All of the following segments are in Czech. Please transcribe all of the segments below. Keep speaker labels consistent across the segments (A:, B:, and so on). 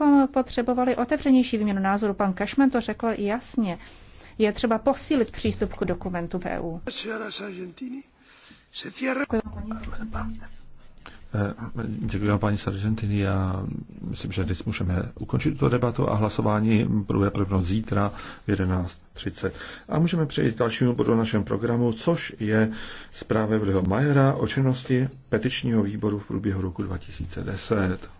A: bychom potřebovali otevřenější výměnu názoru. Pan Kašman to řekl jasně. Je třeba posílit přístup k dokumentu v EU.
B: Děkuji, vám, paní Sargentini. Já myslím, že dnes můžeme ukončit tuto debatu a hlasování bude proběhnout zítra v 11.30. A můžeme přejít k dalšímu bodu našem programu, což je zpráva Vliho Majera o činnosti petičního výboru v průběhu roku 2010.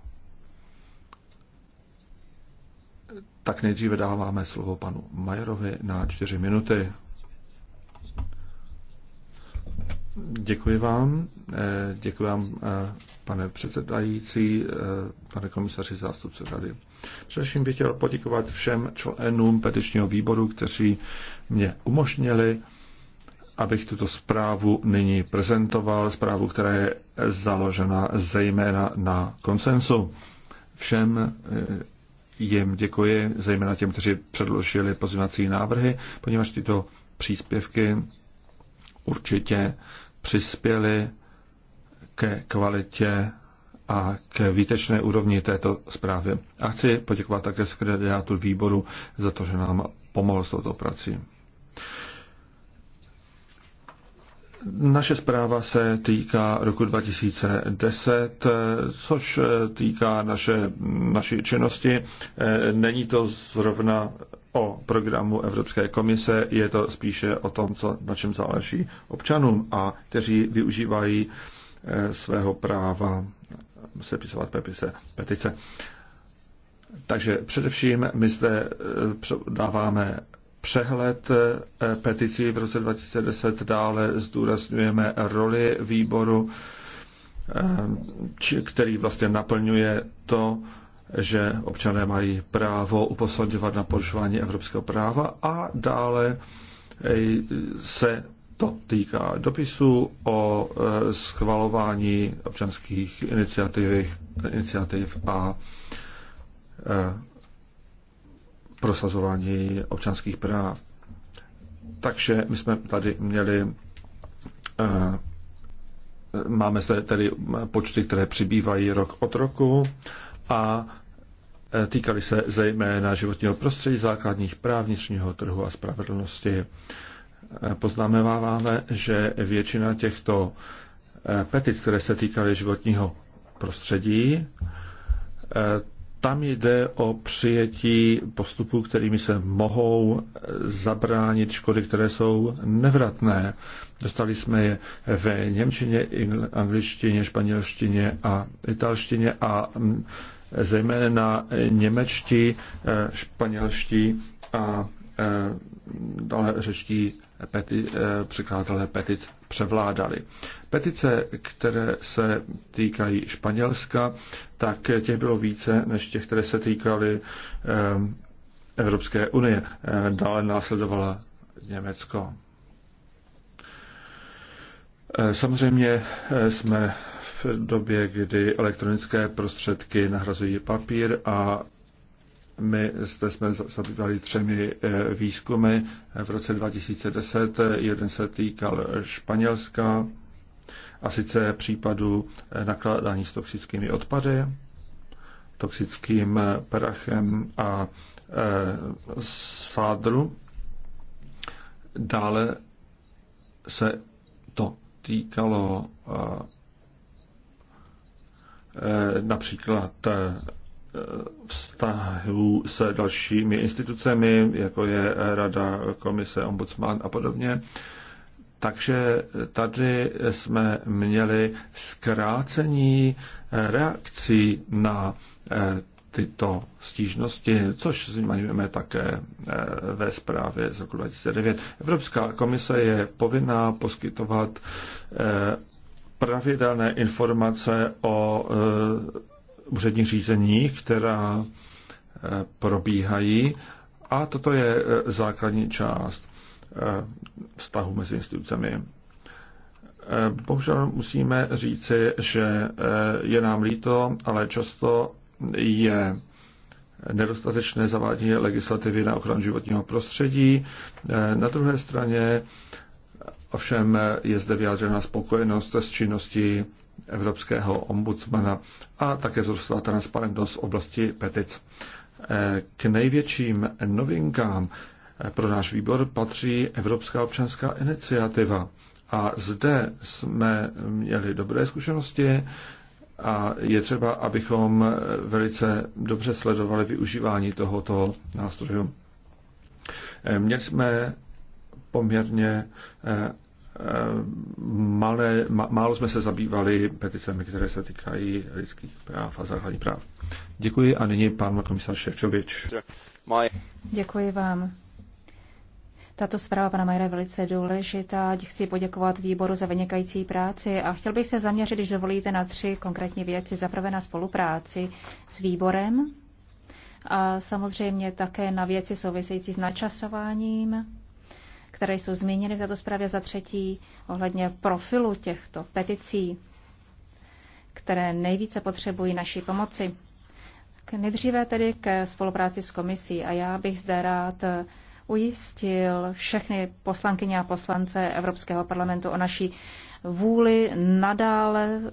B: Tak nejdříve dáváme slovo panu Majerovi na čtyři minuty. Děkuji vám. Eh, děkuji vám, eh, pane předsedající, eh, pane komisaři, zástupce rady. Především bych chtěl poděkovat všem členům petičního výboru, kteří mě umožnili, abych tuto zprávu nyní prezentoval, zprávu, která je založena zejména na konsensu. Všem jim děkuji, zejména těm, kteří předložili pozměňovací návrhy, poněvadž tyto příspěvky určitě přispěly ke kvalitě a k výtečné úrovni této zprávy. A chci poděkovat také sekretariátu výboru za to, že nám pomohl s touto prací. Naše zpráva se týká roku 2010, což eh, týká naše, naší činnosti. Eh, není to zrovna o programu Evropské komise, je to spíše o tom, co, na čem záleží občanům a kteří využívají eh, svého práva sepisovat pepise, petice. Takže především my zde dáváme přehled eh, peticí v roce 2010 dále zdůrazňujeme roli výboru, eh, který vlastně naplňuje to, že občané mají právo upozorňovat na porušování evropského práva a dále eh, se to týká dopisu o schvalování občanských iniciativ, iniciativ a prosazování občanských práv. Takže my jsme tady měli eh, máme zde tedy počty, které přibývají rok od roku a eh, týkaly se zejména životního prostředí, základních práv, vnitřního trhu a spravedlnosti. Eh, poznámeváváme, že většina těchto petic, které se týkaly životního prostředí, tam jde o přijetí postupů, kterými se mohou zabránit škody, které jsou nevratné. Dostali jsme je ve Němčině, angličtině, španělštině a italštině a mm, zejména němečtí, eh, španělští a eh, dále řečtí peti, eh, překladatelé petic převládali. Petice, které se týkají Španělska, tak těch bylo více než těch, které se týkaly eh, Evropské unie. Eh, dále následovala Německo. Samozřejmě jsme v době, kdy elektronické prostředky nahrazují papír a my zde jsme zabývali třemi eh, výzkumy v roce 2010. Jeden se týkal Španělska, a sice případu eh, nakládání s toxickými odpady, toxickým eh, prachem a e, Dále se to týkalo například vztahů s dalšími institucemi, jako je Rada, Komise, Ombudsman a podobně. Takže tady jsme měli zkrácení eh, reakcí na eh, tyto stížnosti, což zmiňujeme také eh, ve zprávě z roku 2009. Evropská komise je povinná poskytovat pravidelné informace o úředních řízení, která eh, probíhají a toto je eh, základní část eh, vztahu mezi institucemi. Bohužel musíme říci, že je nám líto, ale často je nedostatečné zavádění legislativy na ochranu životního prostředí. Na druhé straně ovšem je zde vyjádřena spokojenost s činností evropského ombudsmana a také zrostla transparentnost v oblasti petic. Eh, K největším novinkám pro náš výbor patří Evropská občanská iniciativa. A zde jsme měli dobré zkušenosti a je třeba, abychom velice dobře sledovali využívání tohoto nástroje. Eh, měli jsme poměrně eh, Eh, malé, ma, málo jsme se zabývali peticemi, které se týkají lidských práv a základních práv. Děkuji a nyní pan komisař Ševčovič.
A: Děkuji vám. Tato zpráva pana Majera je velice důležitá. Chci poděkovat výboru za vynikající práci a chtěl bych se zaměřit, když dovolíte, na tři konkrétní věci. Zaprvé na spolupráci s výborem a samozřejmě také na věci související s načasováním které jsou zmíněny v této zprávě za třetí ohledně profilu těchto peticí, které nejvíce potřebují naší pomoci. Nejdříve tedy ke spolupráci s komisí a já bych zde rád ujistil všechny poslankyně a poslance Evropského parlamentu o naší vůli nadále eh,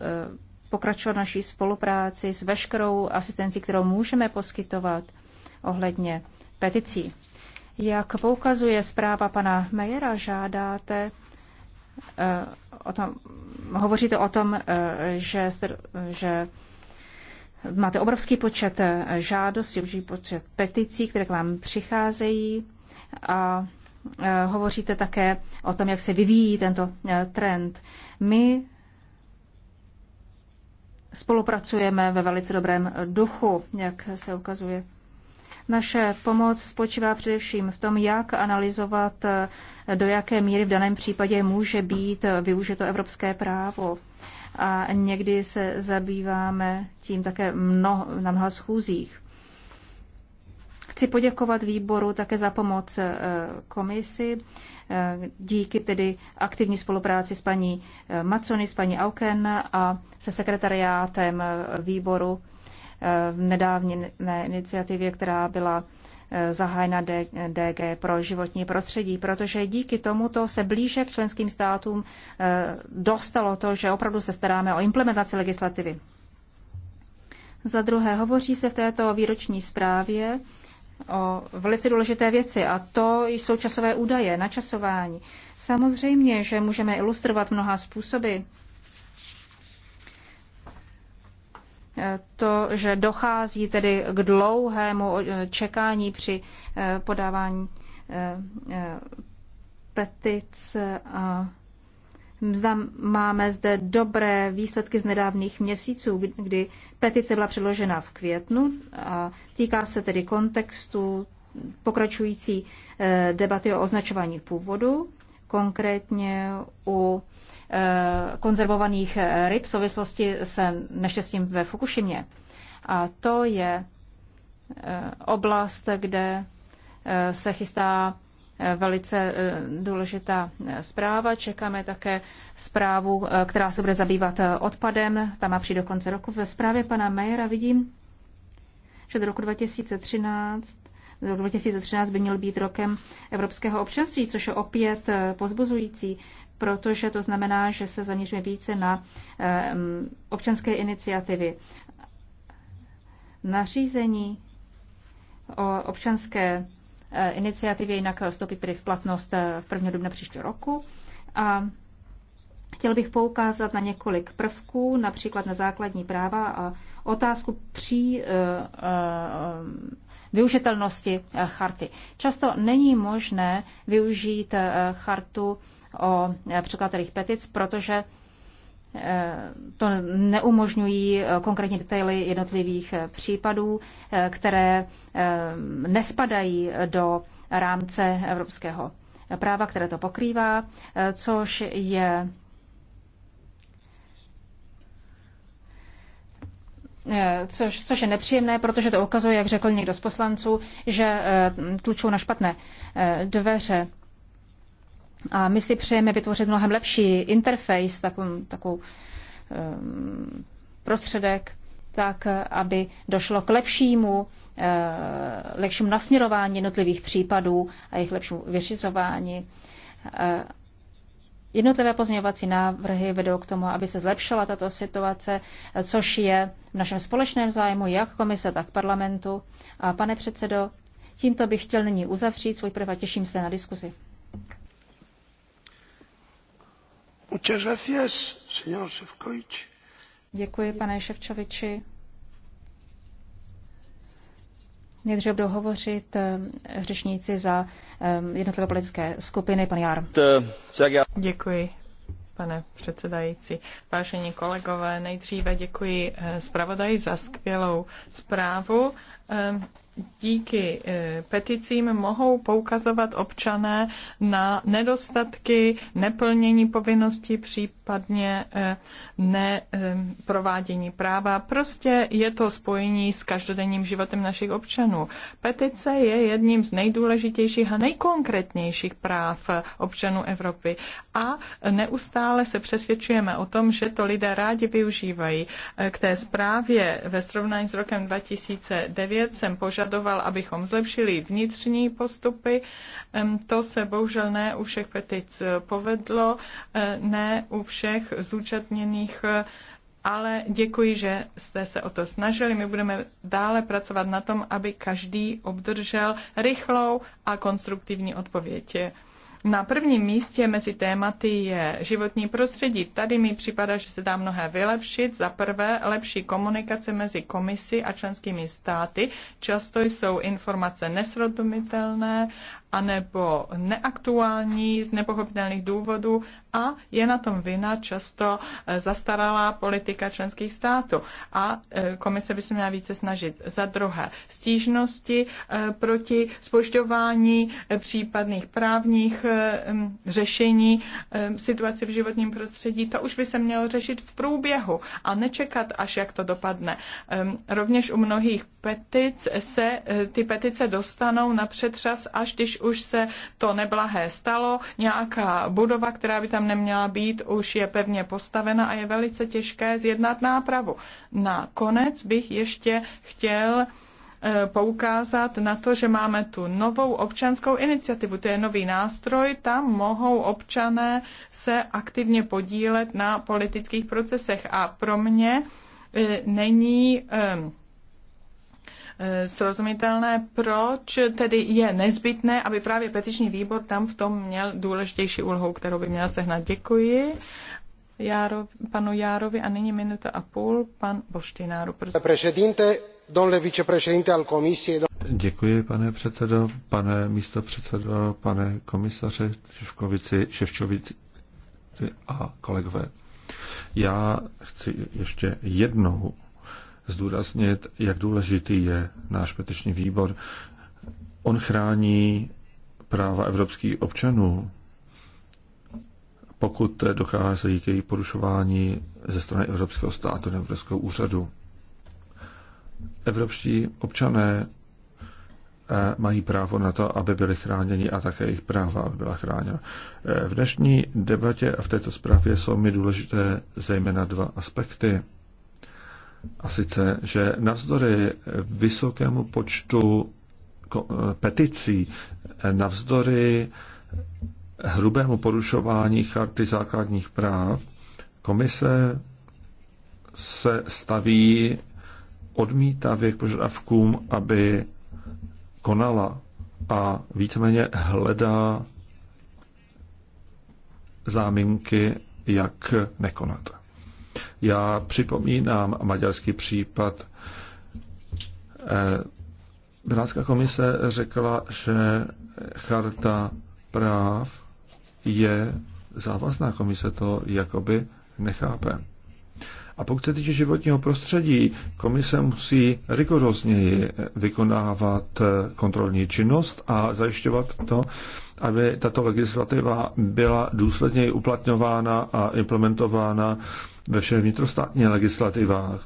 A: pokračovat naší spolupráci s veškerou asistencí, kterou můžeme poskytovat ohledně peticí. Jak poukazuje zpráva pana Mejera, žádáte eh, o tom, hovoříte o tom, eh, že, že máte obrovský počet eh, žádostí, obrovský počet peticí, které k vám přicházejí a hovoříte také o tom, jak se vyvíjí tento trend. My spolupracujeme ve velice dobrém duchu, jak se ukazuje. Naše pomoc spočívá především v tom, jak analyzovat, do jaké míry v daném případě může být využito evropské právo. A někdy se zabýváme tím také mnoho, na mnoha schůzích. Chci poděkovat výboru také za pomoc eh, komisi, eh, díky tedy aktivní spolupráci s paní eh, Maconi, s paní Auken a se sekretariátem výboru v nedávné iniciativě, která byla eh, zahájena DG pro životní prostředí, protože díky tomuto se blíže k členským státům eh, dostalo to, že opravdu se staráme o implementaci legislativy. Za druhé, hovoří se v této výroční zprávě o velice důležité věci a to jsou časové údaje, načasování. Samozřejmě, že můžeme ilustrovat mnoha způsoby, to, že dochází tedy k dlouhému eh, čekání při eh, podávání eh, petic a máme zde dobré výsledky z nedávných měsíců, kdy petice byla předložena v květnu a týká se tedy kontextu pokračující debaty o označování původu konkrétně u eh, konzervovaných ryb v souvislosti se neštěstím ve Fukušimě. A to je eh, oblast, kde eh, se chystá velice důležitá zpráva. Čekáme také zprávu, která se bude zabývat odpadem. Tam má přijít do konce roku. Ve zprávě pana Mejera vidím, že do roku 2013 Rok 2013 by měl být rokem evropského občanství, což je opět eh, pozbuzující, protože to znamená, že se zaměříme více na eh, mm, občanské iniciativy. Nařízení o občanské eh, iniciativě jinak vstoupí v platnost v 1. dubna příštího roku. A Chtěl bych poukázat na několik prvků, například na základní práva a otázku pří, využitelnosti eh, charty. Často není možné využít eh, chartu o eh, překladatelích petic, protože to neumožňují konkrétní detaily jednotlivých případů, které nespadají do rámce evropského práva, které to pokrývá, což je Eh, což, což je nepříjemné, protože to ukazuje, jak řekl někdo z poslanců, že eh, tlučou na špatné eh, dveře. A my si přejeme vytvořit mnohem lepší interface, takovou, takovou prostředek, tak, aby došlo k lepšímu, lepšímu nasměrování jednotlivých případů a jejich lepšímu vyřizování. Jednotlivé pozměňovací návrhy vedou k tomu, aby se zlepšila tato situace, což je v našem společném zájmu jak komise, tak parlamentu. A pane předsedo, tímto bych chtěl nyní uzavřít svůj prv a těším se na diskuzi. Děkuji, pane Ševčoviči. Nejdřív budou hovořit eh, řečníci za eh, jednotlivé politické skupiny. Pan
C: Jár. Děkuji, pane předsedající. Vážení kolegové, nejdříve děkuji eh, zpravodaji za skvělou zprávu díky eh, peticím mohou poukazovat občané na nedostatky, neplnění povinností, případně eh, neprovádění eh, práva. Prostě je to spojení s každodenním životem našich občanů. Petice je jedním z nejdůležitějších a nejkonkrétnějších práv občanů Evropy a neustále se přesvědčujeme o tom, že to lidé rádi využívají. K té zprávě ve srovnání s rokem 2009 2009 jsem požadoval, abychom zlepšili vnitřní postupy. To se bohužel ne u všech petic eh, povedlo, eh, ne u všech zúčastněných eh, ale děkuji, že jste se o to snažili. My budeme dále pracovat na tom, aby každý obdržel rychlou a konstruktivní odpověď. Na prvním místě mezi tématy je životní prostředí. Tady mi připadá, že se dá mnohé vylepšit. Za prvé, lepší komunikace mezi komisí a členskými státy. Často jsou informace nesrozumitelné anebo neaktuální z nepochopitelných důvodů a je na tom vina často e, zastaralá politika členských států. A e, komise by se měla více snažit. Za druhé, stížnosti e, proti spožďování případných právních řešení situaci v životním prostředí, to už by se mělo řešit v průběhu a nečekat, až jak to dopadne. Rovněž u mnohých petic se ty petice dostanou na přetřas, až když už se to neblahé stalo, nějaká budova, která by tam neměla být, už je pevně postavena a je velice těžké zjednat nápravu. Nakonec bych ještě chtěl eh, poukázat na to, že máme tu novou občanskou iniciativu. To je nový nástroj, tam mohou občané se aktivně podílet na politických procesech. A pro mě eh, není ehm, Eh, srozumitelné, proč tedy je nezbytné, aby právě petiční výbor tam v tom měl důležitější úlohu, kterou by měl sehnat. Děkuji. Járo, panu Járovi a nyní minuta a půl pan Boštináru. al
B: Děkuji, pane předsedo, pane místopředsedo, pane komisaři Ševkovici, Ševčovici a kolegové. Já chci ještě jednou zdůraznit, jak důležitý je náš petiční výbor. On chrání práva evropských občanů, pokud dochází k její porušování ze strany Evropského státu nebo Evropského úřadu. Evropští občané eh, mají právo na to, aby byli chráněni a také jejich práva aby byla chráněna. Eh, v dnešní debatě a v této zprávě jsou mi důležité zejména dva aspekty. A sice, že navzdory vysokému počtu peticí, navzdory hrubému porušování charty základních práv, komise se staví odmítavě k požadavkům, aby konala a víceméně hledá záminky, jak nekonat. Já připomínám maďarský případ. Benátská eh, komise řekla, že charta práv je závazná. Komise to jakoby nechápe. A pokud se týče životního prostředí, komise musí rigorozněji vykonávat eh, kontrolní činnost a zajišťovat to, aby tato legislativa byla důsledněji uplatňována a implementována ve všech vnitrostátních legislativách.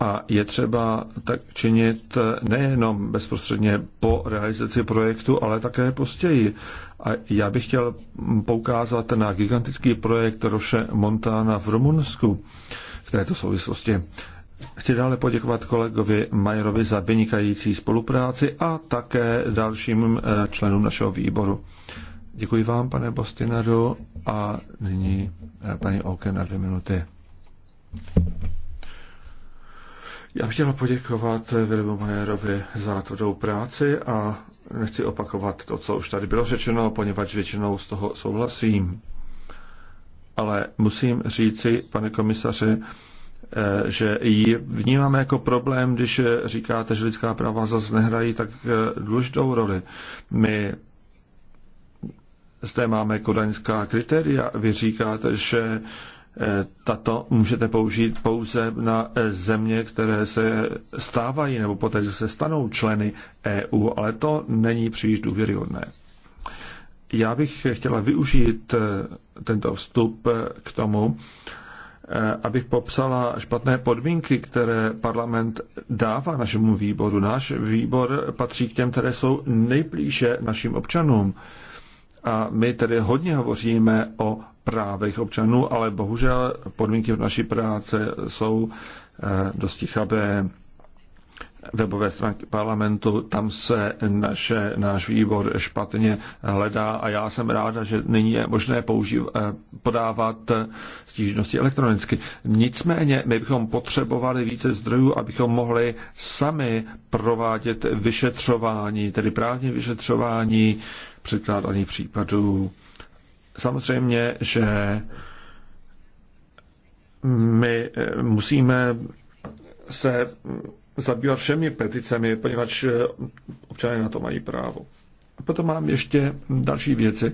B: A je třeba tak činit nejenom bezprostředně po realizaci projektu, ale také postěji. A já bych chtěl poukázat na gigantický projekt Roše Montana v Rumunsku v této souvislosti. Chci dále poděkovat kolegovi Majerovi za vynikající spolupráci a také dalším eh, členům našeho výboru. Děkuji vám, pane Bostinado, a nyní eh, paní Oke na dvě minuty. Já bych chtěla poděkovat Vilimu Majerovi za tvrdou práci a nechci opakovat to, co už tady bylo řečeno, poněvadž většinou z toho souhlasím. Ale musím říci, pane komisaři, eh, že ji vnímáme jako problém, když říkáte, že lidská práva zase nehrají tak eh, důležitou roli. My zde máme kodaňská kritéria. Vy říkáte, že eh, tato můžete použít pouze na eh, země, které se stávají nebo poté, že se stanou členy EU, ale to není příliš důvěryhodné. Já bych chtěla využít eh, tento vstup k tomu, abych popsala špatné podmínky, které parlament dává našemu výboru. Náš výbor patří k těm, které jsou nejblíže našim občanům. A my tedy hodně hovoříme o právech občanů, ale bohužel podmínky v naší práce jsou eh, dosti chabé webové stránky parlamentu, tam se naše, náš výbor špatně hledá a já jsem ráda, že nyní je možné použiv, eh, podávat eh, stížnosti elektronicky. Nicméně my bychom potřebovali více zdrojů, abychom mohli sami provádět vyšetřování, tedy právní vyšetřování předkládaných případů. Samozřejmě, že my eh, musíme se zabývat všemi peticemi, poněvadž eh, občané na to mají právo. A potom mám ještě další věci.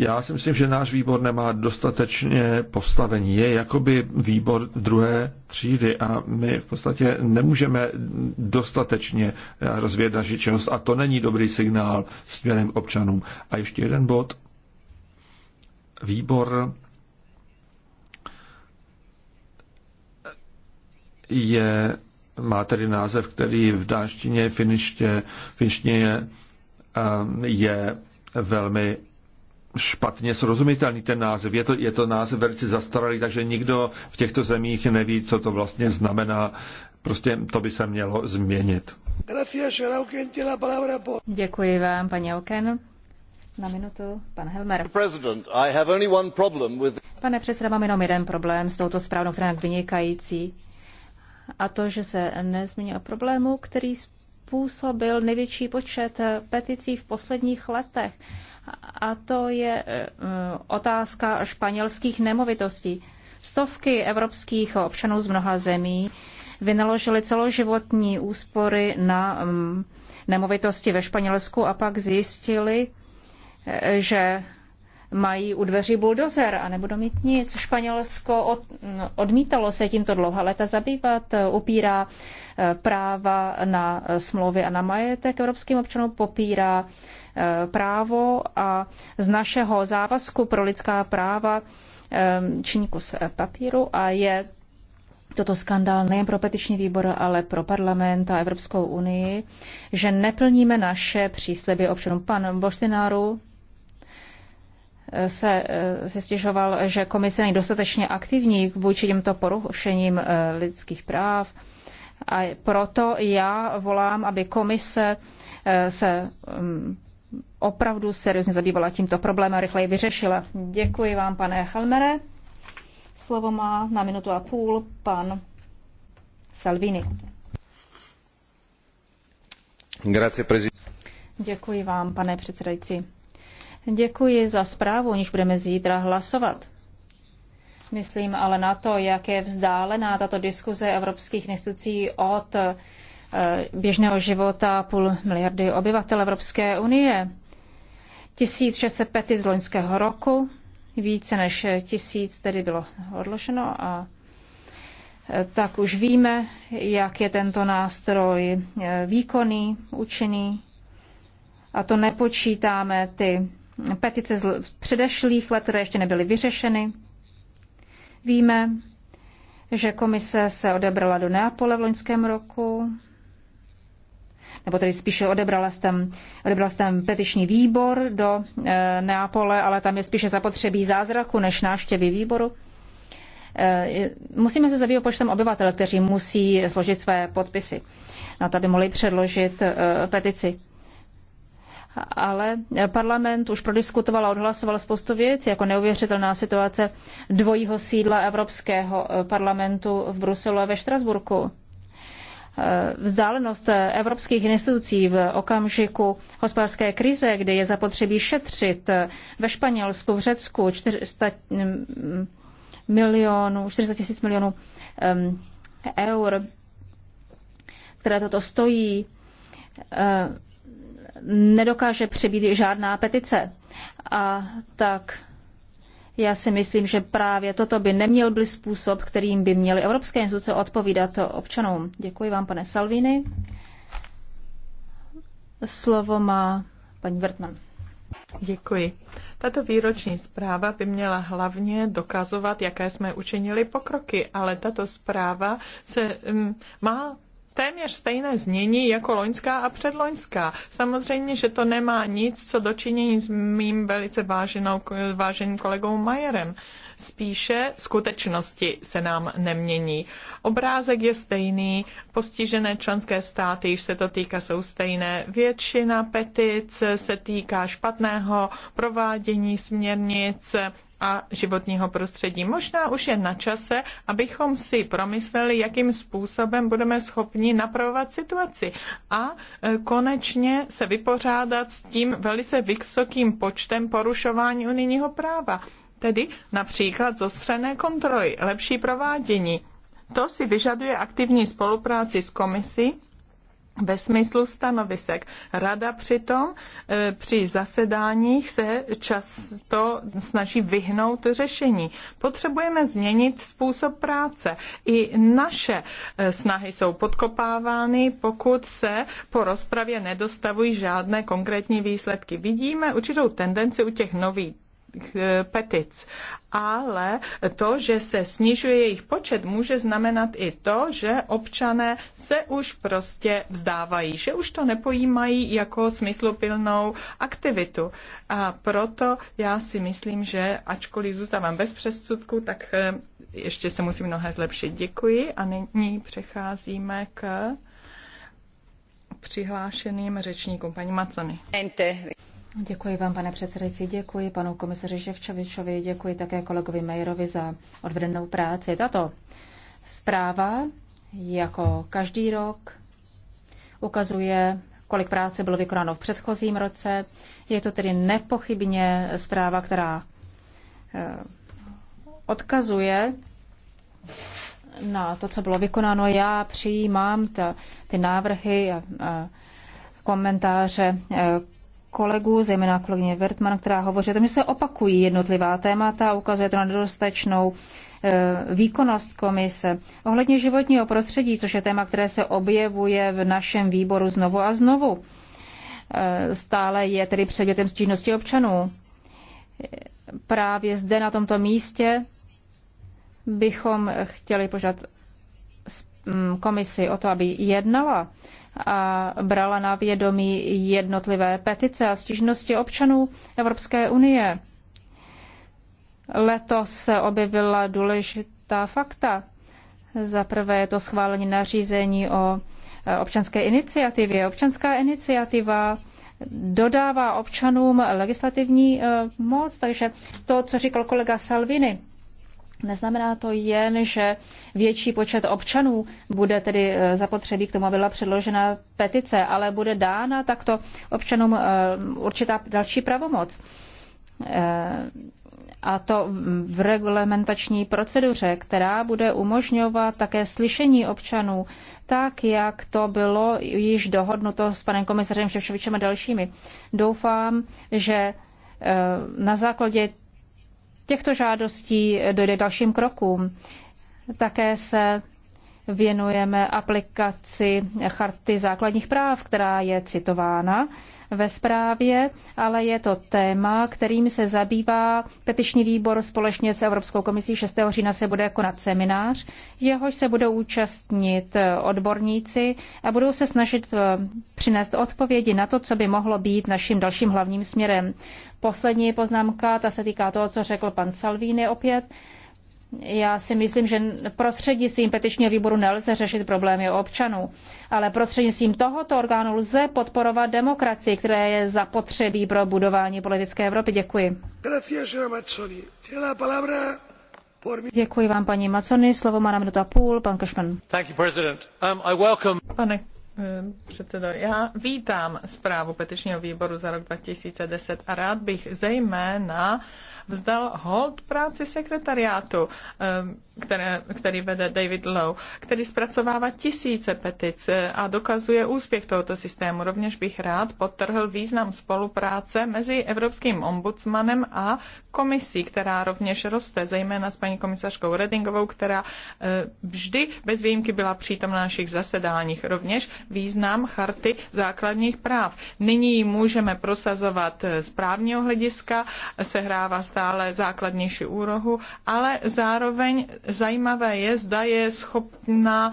B: Já si myslím, že náš výbor nemá dostatečně postavení. Je jakoby výbor druhé třídy a my v podstatě nemůžeme dostatečně eh, rozvíjet naši činnost a to není dobrý signál směrem občanům. A ještě jeden bod. Výbor eh, je má tedy název, který v dánštině, finiště, finštině ehm, je velmi špatně srozumitelný ten název. Je to, je to název velice zastaralý, takže nikdo v těchto zemích neví, co to vlastně znamená. Prostě to by se mělo změnit.
A: Děkuji vám, paní Oken. Na minutu, pan Helmer. Pane předseda, mám jenom jeden problém s touto zprávou, která je vynikající a to, že se nezmíní o problému, který způsobil největší počet peticí v posledních letech. A to je e, otázka španělských nemovitostí. Stovky evropských občanů z mnoha zemí vynaložili celoživotní úspory na mm, nemovitosti ve Španělsku a pak zjistili, e, že mají u dveří buldozer a nebudou mít nic. Španělsko od, no, odmítalo se tímto dlouhá léta zabývat, upírá eh, práva na eh, smlouvy a na majetek evropským občanům, popírá eh, právo a z našeho závazku pro lidská práva činí kus papíru a je toto skandál nejen pro petiční výbor, ale pro parlament a Evropskou unii, že neplníme naše přísliby občanům. Pan Boštináru se, eh, se stěžoval, že komise není dostatečně aktivní vůči těmto porušením eh, lidských práv. A proto já volám, aby komise eh, se mm, opravdu seriózně zabývala tímto problémem a rychleji vyřešila. Děkuji vám, pane Helmere. Slovo má na minutu a půl pan Salvini. Grazie, Děkuji vám, pane předsedající. Děkuji za zprávu, níž budeme zítra hlasovat. Myslím ale na to, jak je vzdálená tato diskuze evropských institucí od eh, běžného života půl miliardy obyvatel Evropské unie. 1600 petic z loňského roku, více než tisíc tedy bylo odloženo a eh, tak už víme, jak je tento nástroj eh, výkonný, účinný. A to nepočítáme ty petice z předešlých let, které ještě nebyly vyřešeny. Víme, že komise se odebrala do Neapole v loňském roku, nebo tedy spíše odebrala tam, odebrala tam petiční výbor do e, Neapole, ale tam je spíše zapotřebí zázraku než návštěvy výboru. E, musíme se zabývat počtem obyvatel, kteří musí složit své podpisy na to, aby mohli předložit e, petici ale parlament už prodiskutoval a odhlasoval spoustu věcí, jako neuvěřitelná situace dvojího sídla Evropského parlamentu v Bruselu a ve Štrasburku. Eh, vzdálenost evropských institucí v okamžiku hospodářské krize, kdy je zapotřebí šetřit eh, ve Španělsku, v Řecku 400 mm, milionů, 400 tisíc milionů ehm, eur, které toto stojí, eh, nedokáže přebít žádná petice. A tak já si myslím, že právě toto by neměl být způsob, kterým by měly evropské instituce odpovídat občanům. Děkuji vám, pane Salvini.
C: Slovo má paní Vrtman. Děkuji. Tato výroční zpráva by měla hlavně dokazovat, jaké jsme učinili pokroky, ale tato zpráva se um, má téměř stejné znění jako loňská a předloňská. Samozřejmě, že to nemá nic, co dočinění s mým velice váženou, váženým kolegou Majerem. Spíše skutečnosti se nám nemění. Obrázek je stejný, postižené členské státy, již se to týká, jsou stejné. Většina petic se týká špatného provádění směrnic, a životního prostředí. Možná už je na čase, abychom si promysleli, jakým způsobem budeme schopni napravovat situaci a e, konečně se vypořádat s tím velice vysokým počtem porušování unijního práva. Tedy například zostřené kontroly, lepší provádění. To si vyžaduje aktivní spolupráci s komisí ve smyslu stanovisek. Rada přitom e, při zasedáních se často snaží vyhnout řešení. Potřebujeme změnit způsob práce. I naše e, snahy jsou podkopávány, pokud se po rozpravě nedostavují žádné konkrétní výsledky. Vidíme určitou tendenci u těch nových Eh, petic. Ale to, že se snižuje jejich počet, může znamenat i to, že občané se už prostě vzdávají, že už to nepojímají jako smysluplnou aktivitu. A proto já si myslím, že ačkoliv zůstávám bez přesudku, tak eh, ještě se musí mnohé zlepšit. Děkuji a nyní přecházíme k přihlášeným řečníkům paní Macany. Děkuji vám, pane předsedající,
A: děkuji panu komisaři Ševčovičovi, děkuji také kolegovi Mejerovi za odvedenou práci. Tato zpráva, jako každý rok, ukazuje, kolik práce bylo vykonáno v předchozím roce. Je to tedy nepochybně zpráva, která eh, odkazuje na to, co bylo vykonáno. Já přijímám ta, ty návrhy a, a komentáře eh, kolegů, zejména kolegyně Wertmann, která hovoří o tom, že se opakují jednotlivá témata, ukazuje to na nedostatečnou eh, výkonnost komise. Ohledně životního prostředí, což je téma, které se objevuje v našem výboru znovu a znovu, eh, stále je tedy předmětem stížnosti občanů. Právě zde na tomto místě bychom chtěli požádat mm, komisi o to, aby jednala a brala na vědomí jednotlivé petice a stížnosti občanů Evropské unie. Letos se objevila důležitá fakta. Za prvé je to schválení nařízení o e, občanské iniciativě. Občanská iniciativa dodává občanům legislativní e, moc, takže to, co říkal kolega Salvini, Neznamená to jen, že větší počet občanů bude tedy eh, zapotřebí k tomu, aby byla předložena petice, ale bude dána takto občanům eh, určitá další pravomoc. Eh, a to v reglementační proceduře, která bude umožňovat také slyšení občanů, tak jak to bylo již dohodnuto s panem komisařem Ševčovičem a dalšími. Doufám, že na základě těchto žádostí dojde k dalším krokům. Také se věnujeme aplikaci Charty základních práv, která je citována ve zprávě, ale je to téma, kterým se zabývá petiční výbor společně s Evropskou komisí. 6. října se bude konat seminář, jehož se budou účastnit odborníci a budou se snažit eh, přinést odpovědi na to, co by mohlo být naším dalším hlavním směrem. Poslední poznámka, ta se týká toho, co řekl pan Salvini opět. Já si myslím, že prostřednictvím petičního výboru nelze řešit problémy občanů, ale prostřednictvím tohoto orgánu lze podporovat demokracii, která je zapotřebí pro budování politické Evropy. Děkuji. Děkuji vám, paní Maconi.
C: Slovo má na minutu a půl, pan Kašman. Um, Pane eh, předsedo, já vítám zprávu petičního výboru za rok 2010 a rád bych zejména vzdal hold práci sekretariátu. Ehm, které, který vede David Lowe, který zpracovává tisíce petic a dokazuje úspěch tohoto systému. Rovněž bych rád podtrhl význam spolupráce mezi Evropským ombudsmanem a komisí, která rovněž roste, zejména s paní komisařkou Redingovou, která e, vždy bez výjimky byla přítomna na našich zasedáních. Rovněž význam charty základních práv. Nyní ji můžeme prosazovat z právního hlediska, sehrává stále základnější úrohu, ale zároveň Zajímavé je, zda je schopná,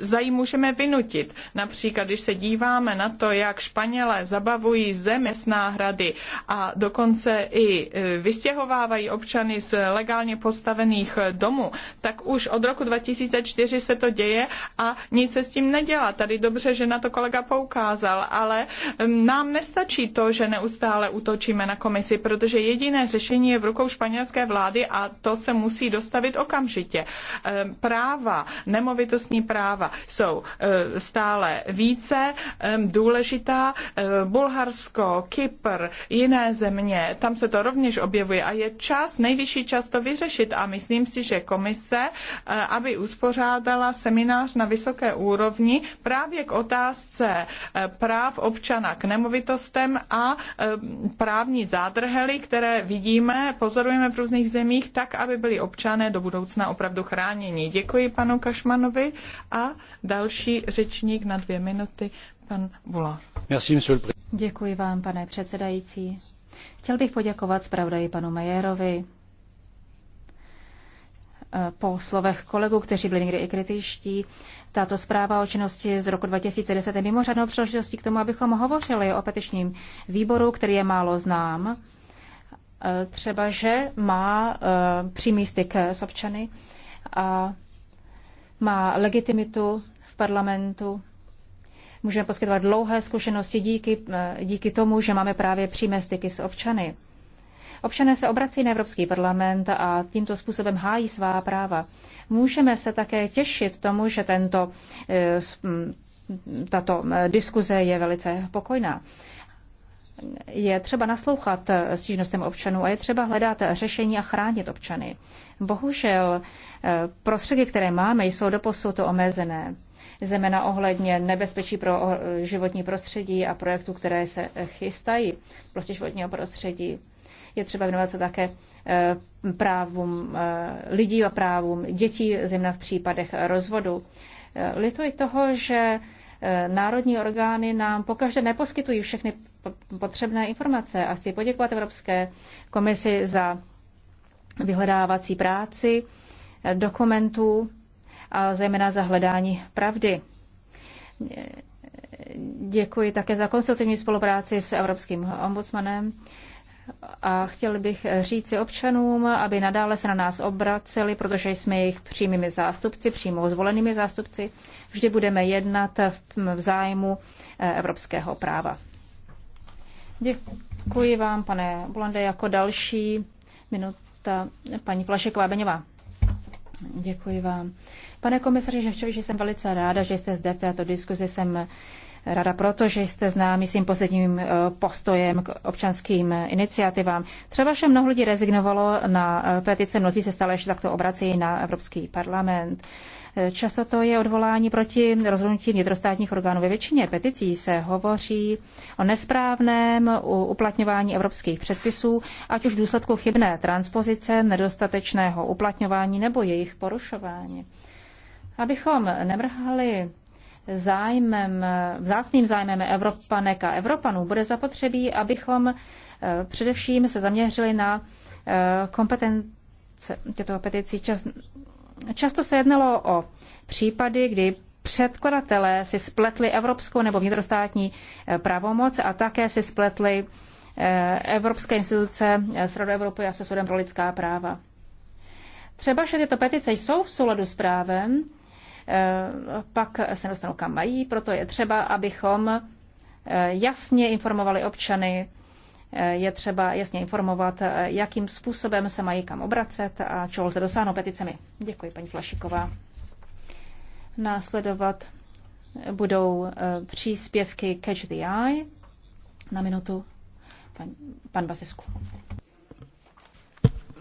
C: zda ji můžeme vynutit. Například, když se díváme na to, jak Španělé zabavují země s náhrady a dokonce i e, vystěhovávají občany z legálně postavených e, domů, tak už od roku 2004 se to děje a nic se s tím nedělá. Tady dobře, že na to kolega poukázal, ale nám nestačí to, že neustále útočíme na komisi, protože jediné řešení je v rukou španělské vlády a to se musí dostavit okamžitě. Ehm, práva, nemovitostní práva jsou ehm, stále více ehm, důležitá. Bulharsko, Kypr, jiné země, tam se to rovněž objevuje a je čas, nejvyšší čas to vyřešit a myslím si, že komise, aby uspořádala seminář na vysoké úrovni právě k otázce práv občana k nemovitostem a právní zádrhely, které vidíme, pozorujeme v různých zemích, tak, aby byli občané do budoucna budoucna opravdu chránění. Děkuji panu Kašmanovi a další řečník na dvě minuty, pan Bula. Děkuji vám, pane předsedající. Chtěl bych
A: poděkovat zpravodaji panu Majerovi eh, po slovech kolegů, kteří byli někdy i kritičtí, tato zpráva o činnosti z roku 2010 je mimořádnou příležitostí k tomu, abychom hovořili o petičním výboru, který je málo znám Eh, třeba že má eh, přímý styk s občany a má legitimitu v parlamentu. Můžeme poskytovat dlouhé zkušenosti díky, eh, díky tomu, že máme právě přímé styky s občany. Občané se obrací na Evropský parlament a tímto způsobem hájí svá práva. Můžeme se také těšit tomu, že tento, tato diskuze je velice pokojná. Je třeba naslouchat eh, stížnostem občanů a je třeba hledat řešení a chránit občany. Bohužel eh, prostředky, které máme, jsou doposud omezené zejména ohledně nebezpečí pro eh, životní prostředí a projektů, které se chystají prostě životního prostředí. Je třeba věnovat se také právům lidí a právům dětí, zejména v případech rozvodu. Lituji toho, že Eh, národní orgány nám pokaždé neposkytují všechny potřebné informace a chci poděkovat Evropské komisi za vyhledávací práci eh, dokumentů a zejména za hledání pravdy. Eh, děkuji také za konstruktivní spolupráci s Evropským ombudsmanem a chtěl bych říci občanům, aby nadále se na nás obraceli, protože jsme jejich přímými zástupci, přímo zvolenými zástupci. Vždy budeme jednat v zájmu eh, evropského práva. Děkuji vám, pane Bulande, jako další minuta paní Plašeková Beňová. Děkuji vám. Pane komisaři že jsem velice ráda, že jste zde v této diskuzi. Jsem rada, protože jste známi svým posledním eh, postojem k občanským eh, iniciativám. Třeba, že mnoho lidí rezignovalo na eh, petice, mnozí se stále ještě takto obracejí na Evropský parlament. Často to je odvolání proti rozhodnutí vnitrostátních orgánů. Ve většině peticí se hovoří o nesprávném uplatňování evropských předpisů, ať už v důsledku chybné transpozice, nedostatečného uplatňování nebo jejich porušování. Abychom nemrhali zájmem, vzácným zájmem Evropanek a Evropanů bude zapotřebí, abychom eh, především se zaměřili na eh, kompetence těchto petici. Často se jednalo o případy, kdy předkladatelé si spletli evropskou nebo vnitrostátní eh, pravomoc a také si spletli evropské instituce s Radou Evropy a se Sodem pro lidská práva. Třeba, že tyto petice jsou v souladu s právem, pak se dostanou kam mají, proto je třeba, abychom eh, jasně informovali občany, eh, je třeba jasně informovat, eh, jakým způsobem se mají kam obracet a čeho lze dosáhnout peticemi. Děkuji, paní Flašiková. Následovat budou příspěvky Catch the Eye na minutu. Pan, pan Basisku.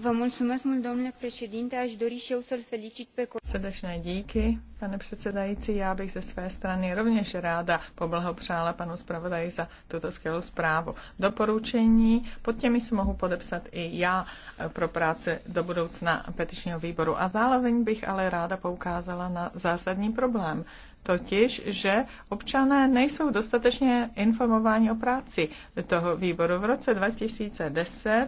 C: Až dori și eu să-l felicit pe Srdečné díky, pane předsedající. Já bych ze své strany rovněž ráda poblahopřála panu zpravodaji za tuto skvělou zprávu. Doporučení, pod těmi se mohu podepsat i já eh, pro práce do budoucna petičního výboru. A zároveň bych ale ráda poukázala na zásadní problém totiž, že občané nejsou dostatečně informováni o práci toho výboru. V roce 2010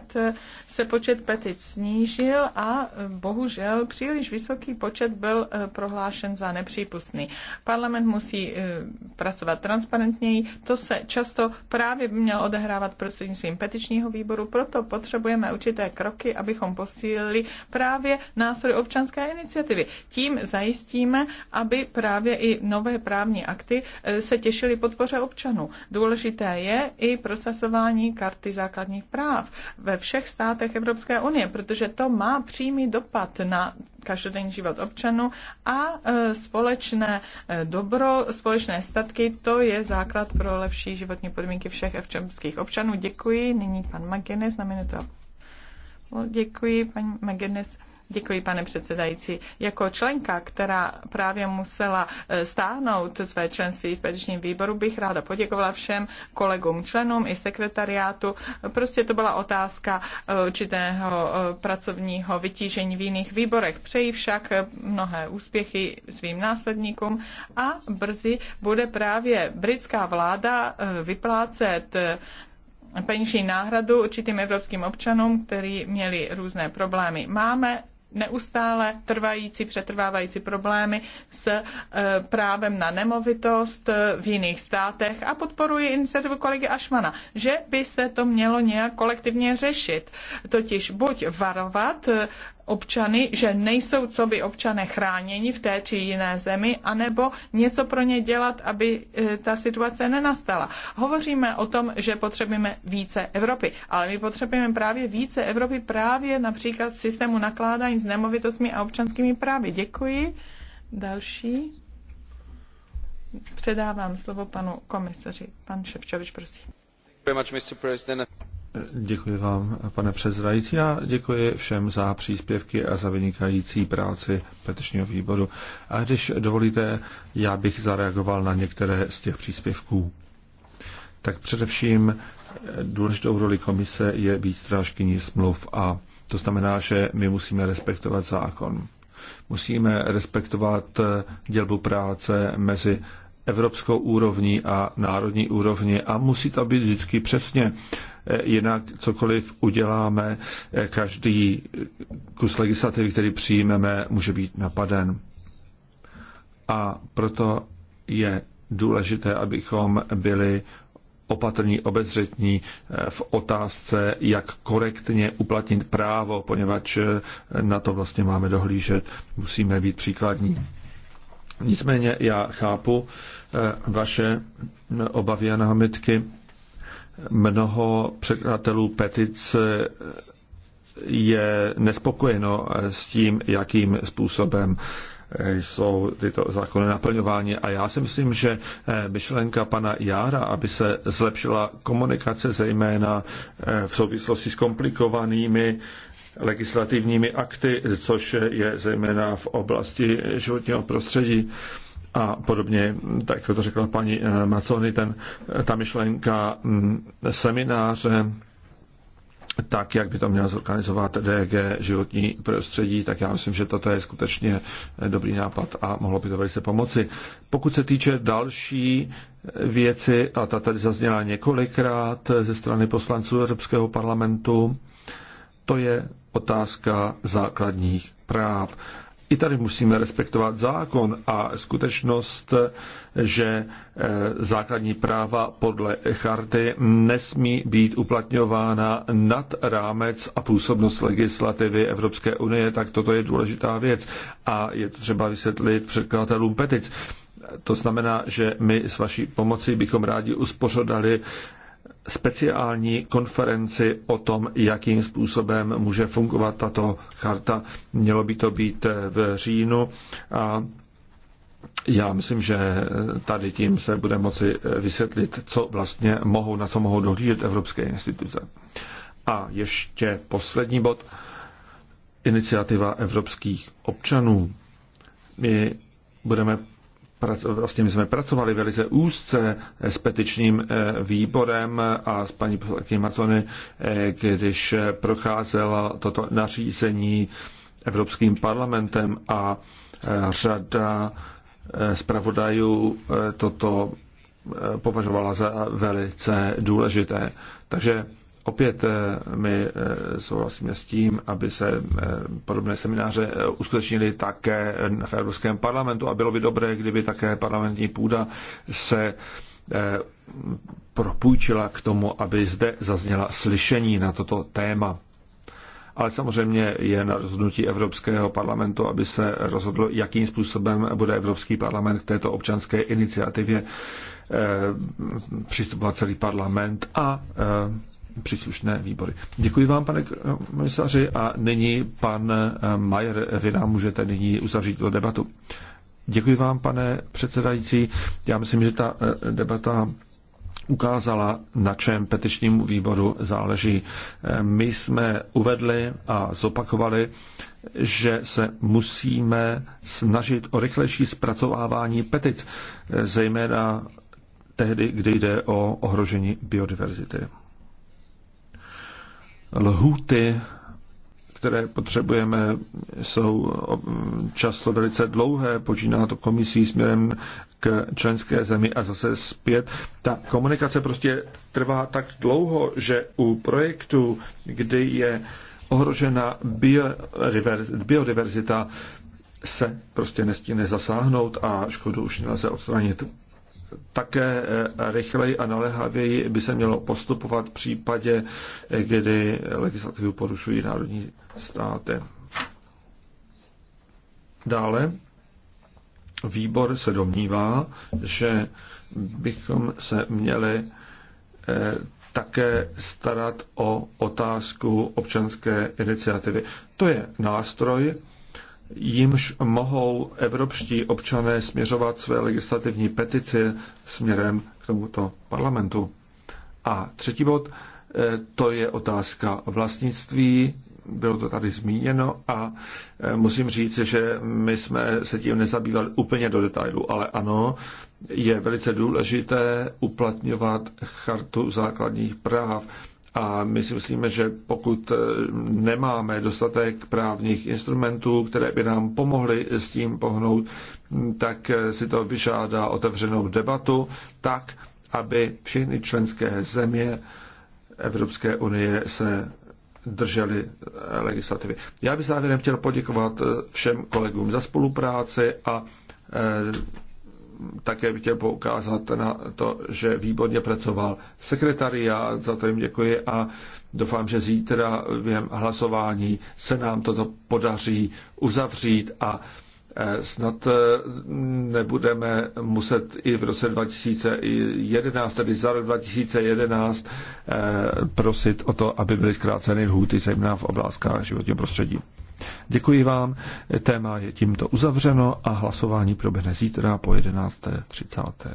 C: se počet petic snížil a e, bohužel příliš vysoký počet byl e, prohlášen za nepřípustný. Parlament musí e, pracovat transparentněji, to se často právě by měl odehrávat prostřednictvím petičního výboru, proto potřebujeme určité kroky, abychom posílili právě nástroj občanské iniciativy. Tím zajistíme, aby právě i nové právní akty e, se těšily podpoře občanů. Důležité je i prosazování karty základních práv ve všech státech Evropské unie, protože to má přímý dopad na každodenní život občanů a e, společné e, dobro, společné statky, to je základ pro lepší životní podmínky všech evropských občanů. Děkuji. Nyní pan Magenes na minutu. Děkuji, paní Magenes. Děkuji, pane předsedající. Jako členka, která právě musela eh, stáhnout své členství v petičním výboru, bych ráda poděkovala všem kolegům členům i sekretariátu. Prostě to byla otázka eh, určitého eh, pracovního vytížení v jiných výborech. Přeji však mnohé úspěchy svým následníkům a brzy bude právě britská vláda vyplácet peněžní náhradu určitým evropským občanům, kteří měli různé problémy. Máme neustále trvající, přetrvávající problémy s e, právem na nemovitost e, v jiných státech a podporuji iniciativu kolegy Ašmana, že by se to mělo nějak kolektivně řešit. Totiž buď varovat e, občany, že nejsou co by občané chráněni v té či jiné zemi, anebo něco pro ně dělat, aby e, ta situace nenastala. Hovoříme o tom, že potřebujeme více Evropy, ale my potřebujeme právě více Evropy právě například v systému nakládání s nemovitostmi a občanskými právy. Děkuji. Další. Předávám slovo panu komisaři. Pan Ševčovič, prosím.
B: Děkuji vám, pane předsedající, a děkuji všem za příspěvky a za vynikající práci petičního výboru. A když dovolíte, já bych zareagoval na některé z těch příspěvků. Tak především důležitou roli komise je být strážkyní smluv a to znamená, že my musíme respektovat zákon. Musíme respektovat dělbu práce mezi evropskou úrovní a národní úrovni a musí to být vždycky přesně. Eh, jinak cokoliv uděláme, eh, každý kus legislativy, který přijmeme, může být napaden. A proto je důležité, abychom byli opatrní, obezřetní eh, v otázce, jak korektně uplatnit právo, poněvadž na to vlastně máme dohlížet, musíme být příkladní. Nicméně já chápu eh, vaše obavy a námitky. Mnoho překladatelů petic je nespokojeno s tím, jakým způsobem eh, jsou tyto zákony naplňování. A já si myslím, že eh, myšlenka pana Jára, aby se zlepšila komunikace, zejména v souvislosti s komplikovanými legislativními akty, což je zejména v oblasti životního prostředí a podobně, tak to řekla paní eh, Macony, ten, ta myšlenka mm, semináře, tak, jak by to měla zorganizovat DG životní prostředí, tak já myslím, že toto je skutečně eh, dobrý nápad a mohlo by to velice pomoci. Pokud se týče další eh, věci, a ta tady zazněla několikrát ze strany poslanců Evropského parlamentu, to je otázka základních práv. I tady musíme respektovat zákon a skutečnost, že e, základní práva podle charty nesmí být uplatňována nad rámec a působnost legislativy Evropské unie, tak toto je důležitá věc a je to třeba vysvětlit předkladatelům petic. To znamená, že my s vaší pomocí bychom rádi uspořádali speciální konferenci o tom, jakým způsobem může fungovat tato charta. Mělo by to být v říjnu a já myslím, že tady tím se bude moci vysvětlit, co vlastně mohou, na co mohou dohlížet evropské instituce. A ještě poslední bod. Iniciativa evropských občanů. My budeme s my jsme pracovali velice úzce eh, s petičním eh, výborem a s paní poslankyní Macony, eh, když procházela toto nařízení Evropským parlamentem a řada zpravodajů toto považovala za velice důležité. Takže Opět eh, my eh, souhlasíme s tím, aby se eh, podobné semináře uskutečnily také v Evropském parlamentu a bylo by dobré, kdyby také parlamentní půda se propůjčila k tomu, aby zde zazněla slyšení na toto téma. Ale samozřejmě je na rozhodnutí Evropského parlamentu, aby se rozhodlo, jakým způsobem bude Evropský parlament k této občanské iniciativě přistupovat celý parlament a příslušné výbory. Děkuji vám, pane komisaři, a nyní pan eh, Majer, vy nám můžete nyní uzavřít tu debatu. Děkuji vám, pane předsedající. Já myslím, že ta eh, debata ukázala, na čem petičnímu výboru záleží. Eh, my jsme uvedli a zopakovali, že se musíme snažit o rychlejší zpracovávání petic, zejména tehdy, kdy jde o ohrožení biodiverzity lhuty, které potřebujeme, jsou často velice dlouhé, počíná to komisí směrem k členské zemi a zase zpět. Ta komunikace prostě trvá tak dlouho, že u projektu, kdy je ohrožena biodiverzita, se prostě nestíne zasáhnout a škodu už nelze odstranit také eh, rychleji a naléhavěji by se mělo postupovat v případě, eh, kdy legislativu porušují národní státy. Dále výbor se domnívá, že bychom se měli eh, také starat o otázku občanské iniciativy. To je nástroj, jimž mohou evropští občané směřovat své legislativní petice směrem k tomuto parlamentu. A třetí bod, eh, to je otázka vlastnictví. Bylo to tady zmíněno a eh, musím říct, že my jsme se tím nezabývali úplně do detailu, ale ano, je velice důležité uplatňovat chartu základních práv a my si myslíme, že pokud eh, nemáme dostatek právních instrumentů, které by nám pomohly s tím pohnout, hm, tak eh, si to vyžádá otevřenou debatu, tak, aby všechny členské země Evropské unie se drželi eh, legislativy. Já bych závěrem chtěl poděkovat všem kolegům za spolupráci a také bych chtěl poukázat na to, že výborně pracoval sekretariát, za to jim děkuji a doufám, že zítra během hlasování se nám toto podaří uzavřít a eh, snad eh, nebudeme muset i v roce 2011, tedy za rok 2011, eh, prosit o to, aby byly zkráceny lhůty, zejména v oblástkách životního prostředí. Děkuji vám. Téma je tímto uzavřeno a hlasování proběhne zítra po 11.30.